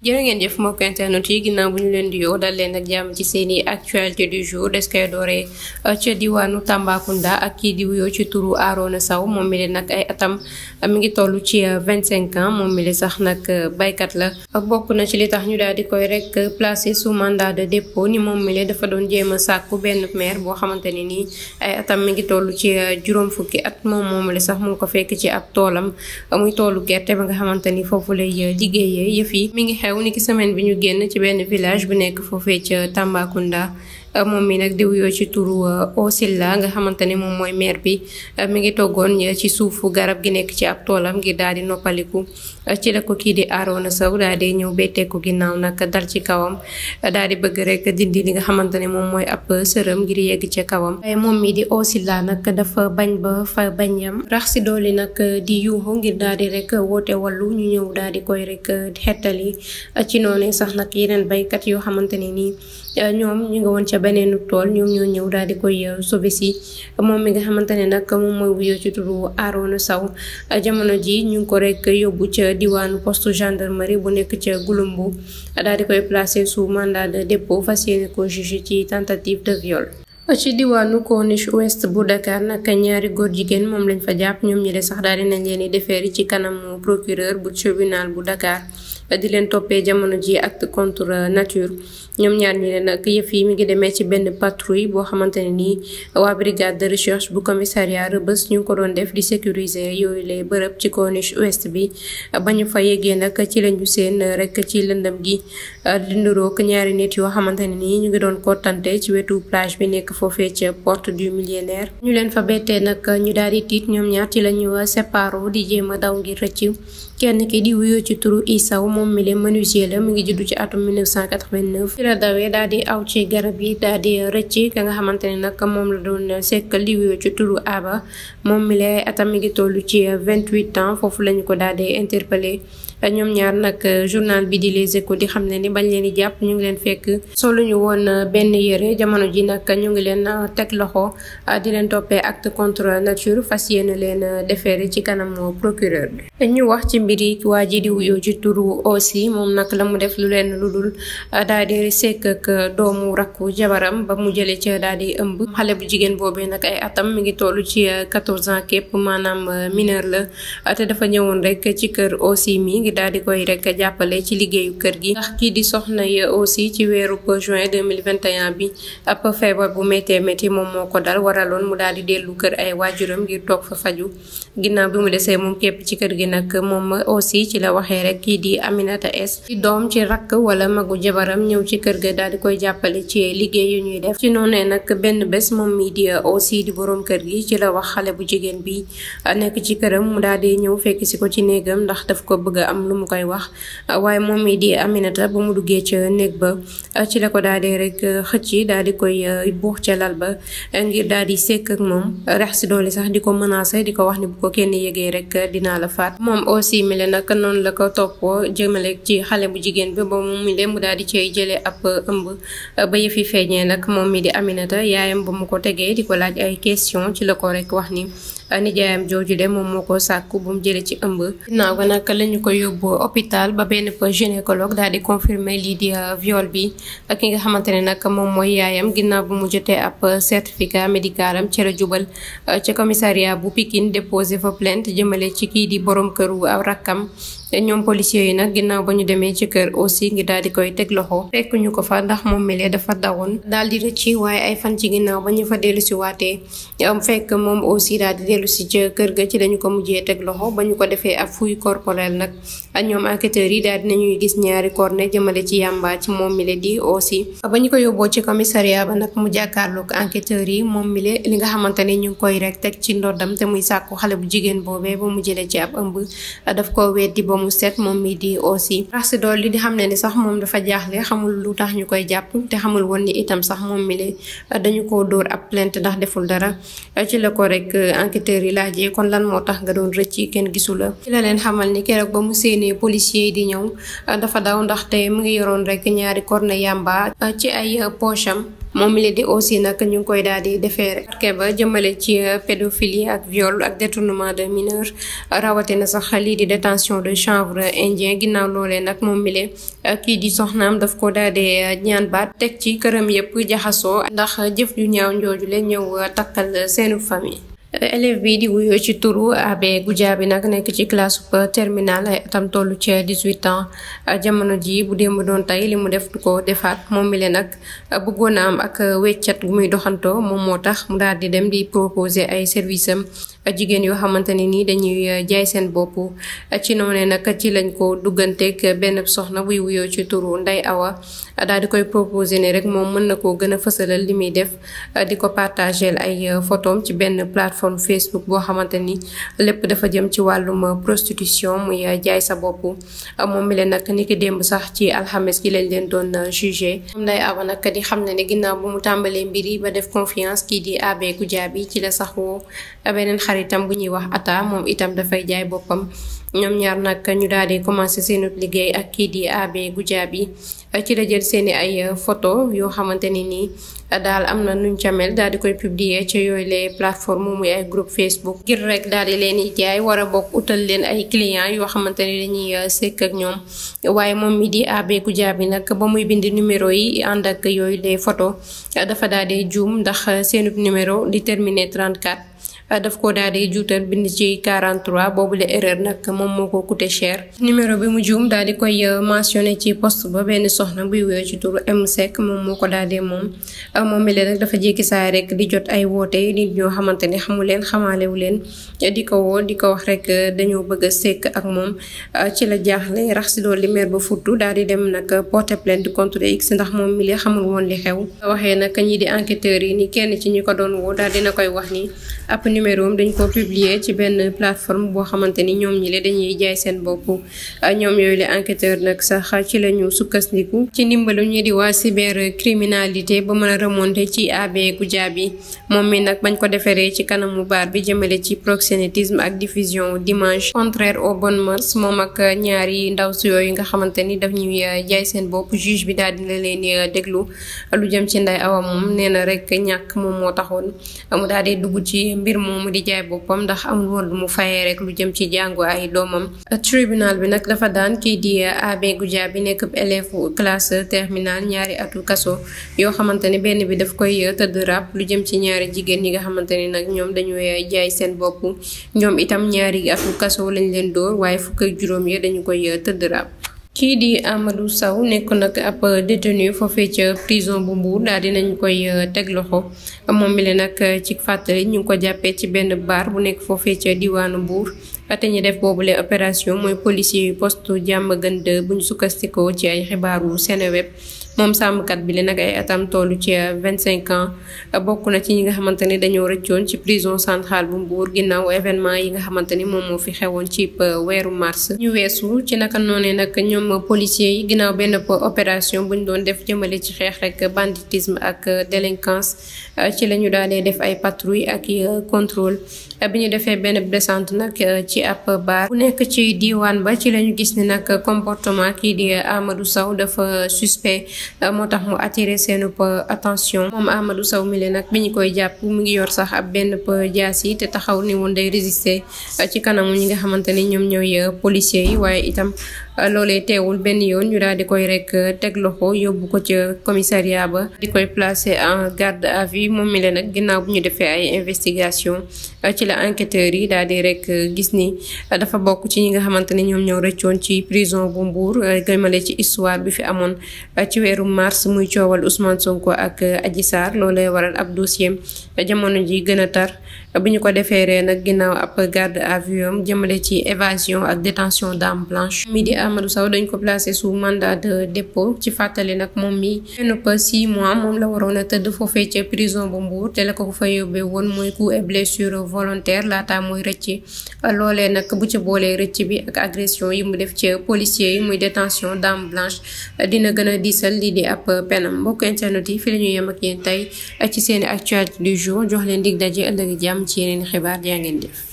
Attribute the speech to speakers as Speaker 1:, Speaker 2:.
Speaker 1: jërë ngeen jëf mbokk internet yi ginnaaw bu ñu leen di yoo dal leen ak jàmm ci seeni i actualité du jour des koy dooree euh, ca diwaanu Tambacounda ak kii di wuyoo ci turu Arona Sow moom mi nag ay atam euh, mi ngi toll ci 25 euh, ans moom mi leen sax nag baykat la. bokk na ci li tax ñu daal di koy rek placé su mandat de dépôt ni moom mi leen dafa doon jéem a sàkku benn maire boo xamante ne nii ay atam mi ngi toll ci juróom fukki at moom moom la sax mu ngi ko fekk ci ak toolam muy tollu gerte ba nga xamante ni foofu lay liggéeyee xew ni ki semaine bi ñu génn ci benn village bu nekk foofee ca Tambacounda euh, moom mi nag di wuyoo ci turu euh, Osilla nga xamante ni moom mooy maire bi euh, mi ngi toggoon ci suufu garab gi nekk ci ab toolam ngir daal di noppaliku ci la ko kii di Arona saw daal di ñëw betteeku ginnaaw nag dal ci kawam daal di bëgg rek dindi li nga xamante ne moom mooy ab sërëm ngir yegg ca kawam waaye moom mi di Osila nag dafa bañ ba fa bañ yam rax si doole nag di yuuxu ngir daal di rek woote wàllu ñu ñëw daal di koy rek xettali ci noonu sax nag yeneen baykat yoo xamante ne nii ñoom ñu woon ca beneenu tool ñoom ñëw daal di koy sauver si moom mi nga xamante ne nag moom mooy wuyoo ci turu jamono ji ñu ngi ko rek yóbbu ca diwaanu poste gendarmerie bu nekk ca Gouloumbou daal di koy placé sous mandat de dépôt fas yéene ko jugé ci tentative de viol. ci diwaanu Corniche Ouest bu Dakar nag ñaari góor jigéen moom lañ fa jàpp ñoom ñi de sax daal di nañ leen di defeeri ci kanamu procureur bu tribunal bu Dakar. di leen toppee jamono ji acte contre nature ñoom ñaar ñi leen nag yëf yi mi ngi demee ci benn patrouille boo xamante ne nii waa brigade de recherche bu commissariat Rebeuss ñu ko doon def di sécuriser yooyu lay bërëb ci corniche ouest bi ba ñu fa yeggee nag ci lañu seen rek ci lëndëm gi di niroog ñaari nit yoo xamante ne nii ñu ngi doon kottante ci wetu plage bi nekk foofee ca porte du millénaire ñu leen fa bettee nag ñu daal di tiit ñoom ñaar ci lañu séparoo di jéem a daw ngir rëcc kenn ki di wuyoo ci turu Isaw moom mi le menuisier la mu ngi juddu ci atum 1989 ci la dawee daal di aw ci garab yi daal di rëcc ka nga xamante ne nag moom la doon sekkal di wuyoo ci turu Aba moom mi atam mi ngi toll ci 28 ans foofu lañu ko daal di interpellé ñoom ñaar nag journal bi di Les Échos di xam ne ni bañ leen di jàpp ñu ngi leen fekk solu ñu woon benn yére jamono ji nag ñu ngi leen ah, teg loxo ah, di leen toppee acte contre nature fas yéene leen ah, defeere ci kanam bi mbiri waa ji di wuyu ci turu aussi moom nag la mu def lu lenn lu dul euh, daal di sekk ak euh, doomu rakku jabaram ba mu jëlee ci daal di ëmb xale bu jigéen boobee nag ay atam mu ngi toll ci 14 euh, ans képp maanaam mineur la te dafa ñëwoon rek ci kër aussi mi ngi daal di koy rek jàppale ci liggéeyu kër gi ndax kii di soxna aussi ci weeru juin 2021 bi ab feebar bu méttee métti moom moo ko dal waraloon mu daal di dellu kër ay waajuram ngir toog fa faju ginnaaw bi mu desee moom képp ci kër gi nag moom aussi ci la waxee rek kii di Aminata S di doom ci rakk wala magu jabaram ñëw ci kër ga daal di koy jàppale ci liggéey yu ñuy def ci noonee nag benn bes moom mii di di boroom kër gi ci la wax xale bu jigéen bi nekk ci këram mu daal di ñëw fekk ko ci néegam ndax daf ko bëgg am lu mu koy wax waaye moom mii di Aminata ba mu duggee ca néeg ba ci la ko daal di rek xëcc daal di koy euh, buux ca lal ba ngir daal di sekk ak moom rex si doole sax di ko menacer di ko wax ni bu ko kenn yëgee rek dinaa la faat moom aussi mile nag noonu la ko toppoo jëmale ci xale bu jigéen bi ba mu mile mu daal di cay jëlee ab ëmb ba yëfi feeñee nag moom mi di Aminata yaayam ba mu ko tegee di ko laaj ay question ci la ko rekk wax ni nijaayam jooju de moom moo ko sàkku bu mu jëlee ci ëmb. ginnaaw ba nag la ñu ko yóbbu hôpital ba benn gynécologue daal di confirmer lii di euh, viol bi ak ki nga xamante ne nag moom mooy yaayam ginnaaw bu mu jotee ab euh, certificat médical am ci la jubal euh, ca commissariat bu Pikine déposé fa plainte jëmale ci kii di borom a rakkam. te ñoom policiers yi nag ginnaaw ba ñu demee ci kër aussi ngi daal di koy teg loxo fekk ñu ko fa ndax moom melee dafa dawoon daal di rëcci waaye ay fan ci ginnaaw ba ñu fa dellu si waatee am fekk moom aussi daal di dellu si ca kër ga ci lañu ko mujjee teg loxo ba ñu ko defee ak fuy corporelle nag ak ñoom enquêteurs yi daal dinañuy gis ñaari corne jëmale ci yàmba ci moom mile di aussi ba ñu ko yóbboo ci commissariat ba nag mu jàkkaarloog enquêteurs yi moom mile li nga xamante ne ñu ngi koy rek teg ci dam te muy sàkku xale bu jigéen boobee ba mu ci ab ëmb mu set moom mi di aussi rax si dool li di xam ne ni sax moom dafa jaaxle xamul lu tax ñu koy jàpp te xamul woon ni itam sax moom mi li euh, dañu ko dóor ab plainte ndax deful dara euh, ci la ko rek euh, enquêteurs yi laajee kon lan moo tax nga doon rëcc kenn gisu la leen xamal ni keroog mu séenee policier yi di ñëw dafa daw te mu ngi yoroon rek ñaari corne yamba ci ay pocham moom li di aussi nag ñu ngi koy daal di defeere parquet ba jëmale ci euh, pédophilie ak viol ak détournement de mineur rawatina sax lii di détention de chanvre indien ginnaaw loolee nag moom mi lee euh, kii di soxnaam daf ko daal di euh, ñaan baat teg ci këram yëpp jaxasoo ndax jëf ju ñaaw njooju leen ñëw takkal seenu famille élève bi di wuyoo ci turu Abe bi nag nekk ci classe terminale ay atam tollu ca dix-huit ans jamono ji bu démb doon tey li mu def du ko moom mi leen nag bëggoon a am ak weccat gu muy doxantoo moom moo tax mu di dem di proposer ay service am jigéen yoo xamante ne nii dañuy jaay seen bopp ci noonee nag ci lañ ko dugganteeg benn soxna buy wuyoo ci turu Ndeye Awa daal di koy proposer ne rek moom mën na koo gën a fësalal li muy def di ko partager ay photom ci benn plateforme plateforme Facebook boo xamante ni lépp dafa jëm ci wàllum prostitution muy jaay sa bopp moom mi leen nag ni ki démb sax ci alxames gi lañ leen doon jugé xam day aba nag di xam ne ne ginnaaw bu mu tàmbalee mbir yi ba def confiance kii di Abe Goudiaby ci la sax woo abeneen xaritam bu ñuy wax Atta moom itam dafay jaay boppam ñoom ñaar nag ñu daal di commencé seen liggéey ak kii di AB Goudiaby ci la jël seeni ay photo yoo xamante ni nii daal am na nuñ ca mel daal di koy publier ci yooyu les plateformes muy ay groupe Facebook ngir rek daal di leen di jaay war a bokk utal leen ay clients yoo xamante ni dañuy euh, sekk ak ñoom waaye moom mi di AB Goudiaby nag ba muy bind numéro yi ànd ak yooyu les photo dafa daal di juum ndax seenub numéro di termine terminé 34 daf ko daal di juutal bind ci 43 boobu la erreur nag moom moo ko coûté cher. numéro bi mu juum daal di koy euh, mentionné ci poste ba benn soxna buy wéyoo ci turu M Seck moom moo ko daal di moom euh, moom mi nag dafa jékki saa rek di jot ay woote nit ñoo xamante ne xamu leen xamaalewu leen di ko woo di ko wax rek euh, dañoo bëgg a ak moom ci la jaaxle rax si doon li ba futtu daal di dem nag porter plainte contre X ndax moom mi xamul woon li xew waxee na ñi di enquêteurs yi ni kenn ci ñu ko doon woo daal dina koy wax ni numéro am dañ ko publier ci benn plateforme boo xamante ni ñoom ñi le dañuy jaay seen bopp ñoom yooyu le enqueteur nag sax ci la ñu sukkandiku ci ndimbalu ñu di waa cybercriminalité ba mën a remonter ci AB Goudiaby moom mi nag bañ ko deferee ci kanamu baar bi jëmale ci proxénétisme ak diffusion d'images contraires aux bonnes mœurs moom ak ñaari ndaw si yooyu nga xamante ni daf ñuy euh, jaay seen bopp juge bi daal dina leen euh, déglu lu jëm ci Ndeye Awa moom nee na rek ñàkk moom moo taxoon mu daal di dugg ci mbir moom moomu di jaay boppam ndax amul woon lu mu fayee rek lu jëm ci jàngu ay doomam tribunal bi nag dafa daan kii di Abe Goudia bi nekk élève classe terminale ñaari atu kaso yoo xamante ne benn bi daf koy tëdd rap lu jëm ci ñaari jigéen ñi nga xamante ne nag ñoom dañuy jaay seen bopp ñoom itam ñaari atu kaso lañ leen dóor waaye fukk ak juróom ya dañu koy tëdd rap kii di Amadou Sow nekk nag ab détenu foofee ca prison bu buur daal dinañ koy euh, teg loxo moom mi le nag euh, ci fàttali ñu ngi ko jàppee ci benn baar bu nekk foofee ca diwaanu buur te ñi def boobule opération mooy policier yu poste jàmm gën bu ñu sukkastikoo ci ay xibaaru Seneweb moom sàmmkat bi li nag ay atam tollu ci vingt cinq ans bokk na ci ñi nga xamante ni dañoo rëccoon ci prison centrale bu Mbour ginnaaw événement yi nga xamante ni moom moo fi xewoon ci weeru mars. ñu weesu ci naka noonee nag ñoom policiers yi ginnaaw benn opération bu ñu doon def jëmale ci xeex rek banditisme ak délinquance ci la ñu daalee def ay patrouille ak contrôle bi ñu defee benn descente nag ci ab bar bu nekk ci diiwaan ba ci la ñu gis ni nag comportement kii di Amadou Sow dafa suspect. Euh, moo tax mu attiré seen attention moom Amadou Sow mi leen nag bi ñu koy jàpp mu ngi yor sax ab benn jaas yi te taxaw ni woon day résister euh, ci kanamu ñi nga xamante ni ñoom ñooy euh, policiers yi waaye itam loolee teewul benn yoon ñu daal di koy rek teg loxo yóbbu ko ca commissariat ba di koy placer en garde à vue moom mi nag ginnaaw bu ñu defee ay investigation ci la enquêteurs yi daal di rek gis ni dafa bokk ci ñi nga xamante ni ñoom ñoo rëccoon ci prison bu Mbour gëmale ci histoire bi fi amoon ci weeru mars muy coowal Ousmane Sonko ak Adji Sarr loolee waral ab dossier jamono ji gën a tar bi ñu ko defee defeeree nag ginnaaw ab garde à vue am ci évasion ak détention d'arme blanche mi di Amadou Sow dañ ko placé sous mandat de dépôt ci fàttali nag moom mi nupp six mois moom la waroon a tëdd foofee ca prison bu Mbour te la ko ko fa yóbbee woon mooy coup et blessure laa laata mooy rëcc loolee nag bu ci boolee rëcc bi ak agression yi mu def ci policier yi muy détention d'arme blanche dina gën a diisal lii di ab penam mbokk internet yi fi la ñu yem ak yéen tey ci seeni actualité du jour leen dig daje ëllëg am ci yeneen xibaar jaa ngeen